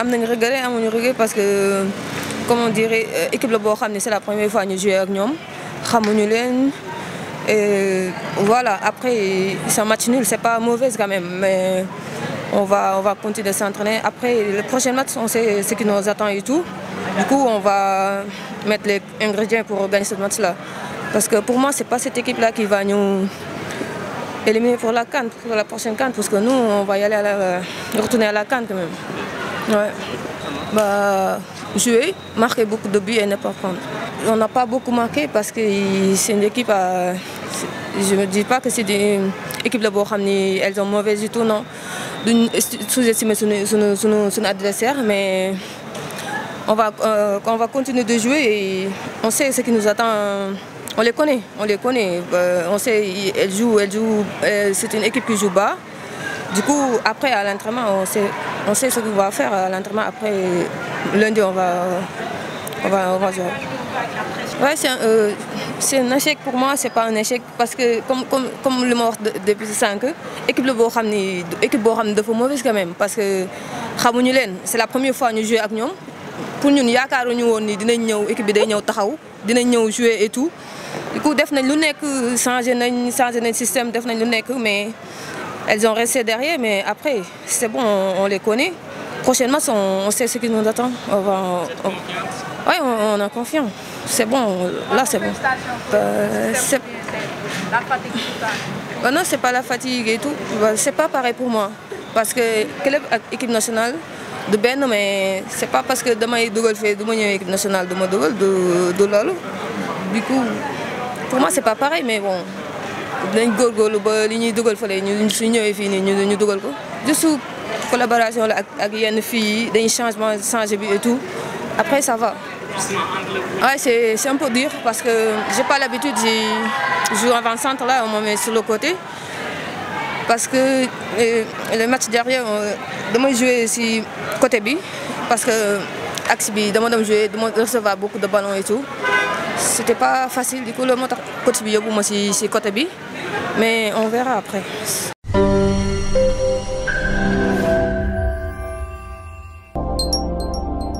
On va regret parce que comme on dirait euh, équipe de bo c'est la première fois ñu nous ak ñom xamuñu et euh, voilà après c'est un match nul c'est pas mauvais quand même mais on va on va continuer de s'entraîner après le prochain match on sait ce qui nous attend et tout du coup on va mettre les ingrédients pour gagner ce match là parce que pour moi c'est pas cette équipe là qui va nous éliminer pour la pour la prochaine CAN parce que nous on va y aller retourner à la CAN quand même Ouais. Bah, jouer, marquer beaucoup de buts et ne pas prendre. On n'a pas beaucoup marqué parce que c'est une équipe, euh, je ne dis pas que c'est une équipe de Bohamni, elles ont mauvaise du tout, non. Sous-estimer son, adversaire, mais on va, euh, va continuer de jouer et on sait ce qui nous attend. On les connaît, on les connaît. Euh, on sait, elle jouent, c'est une équipe qui joue bas. Du coup, après, à l'entraînement, on sait on sait ce qu'on va faire à l'entraînement. Après, lundi, on va, on va, on va jouer. Ouais, c'est un, euh, un, échec pour moi, c'est pas un échec parce que comme, comme, comme le mort depuis 5 ans, le de équipe de mauvaise quand même parce que c'est la première fois que nous jouons avec nous. Pour nous, nous avons équipe de nous dinañ ñëw jouer et tout. Du coup def nañ lu nekk changé nañ système def nañ mais elles ont resté derrière, mais après, c'est bon, on, les connaît. Prochainement, on, sait ce qui nous attend. On va, on, oui, on, a confiance. C'est bon, là c'est bon. la euh, bah fatigue Non, c'est pas la fatigue et tout. Bah, c'est pas pareil pour moi. Parce que club équipe nationale de Ben, mais c'est pas parce que demain il doit faire demain équipe nationale de Modoul, de, de Lalo. Du coup, pour moi c'est pas pareil, mais bon, dinañ góorgóorlu ba li ñuy dugal fële ñu suñ ñëwee fii nii ñu ñu duggal ko juste collaboration la ak ak yenn filles yi dañuy changement changé bi et tout après ça va. Ouais, c'est c'est un peu dur parce que j'ai pas l'habitude de jouer avant-centre là on me met sur le côté parce que euh, le match derrière euh, damay jouer si côté bi parce que axe bi dama doon jouer dama recevoir beaucoup de ballons et tout c'était pas facile du coup le mot à coach bi c'est c'est côté mais on verra après